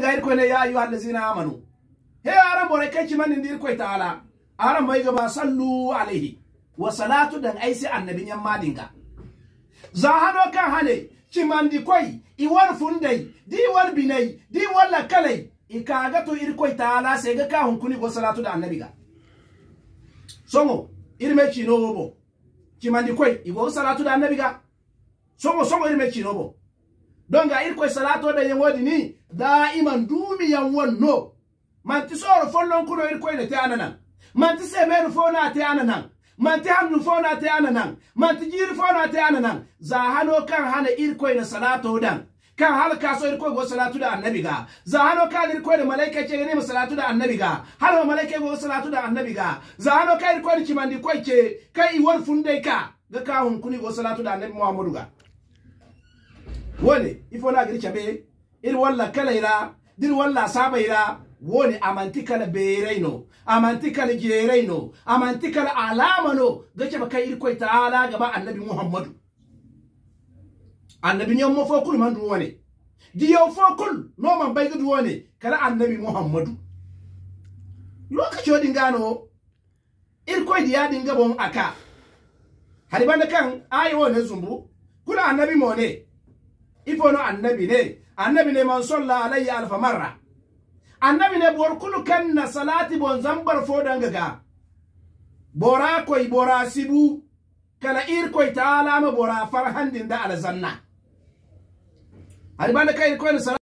ga irko ne ya ayyuhal ladzina amanu he aran bore kai kiman ndir ko ta'ala aran bai ga sallu alaihi wa salatu dan aisi annabin yan madinga za hano kan hale kiman di koi iwar fundai di war binai di wala kalai ikaga to irko ta'ala sai ga ka hunkuni go salatu da annabiga songo ci chinobo kimandi koi igo salatu da annabiga songo songo irme chinobo don ga irko salato da yan wadi ni iman dumi yan wonno ti soro follon kuno irko da te ananan meru semeru fona te ananan ti hamnu fona te ananan manti jiri fona te ananan za hano kan hana irko da salato dan kan hal kaso irko go salatu da annabi ga za hano kan irko da malaika ce ne salatu da annabi ga hal wa malaika go salatu da annabi ga za hano kan irko da kimandi ko ce kai war funde ka ga kawun kuni go salatu da annabi muhammadu ga wone ifona agiri chabe ir walla kala ira dir walla saba ira woni amanti kala bereino amanti kala jereino amanti kala alamano gace baka ir koy ala gaba annabi muhammadu annabi ne mo fokul man du wone diyo fokul no man bai du wone kala annabi muhammadu lokaci wadin gano ir koy diya din gabon aka haribanda kan ayo ne zumbu kula annabi mo ne ifono annabi ne annabi ne man salla alayya alfa marra annabi ne bor kulu kanna salati bon zambar fodan gaga bora koy bora sibu kala ir koy taala ma bora farhandin da alzanna ari banda kay koy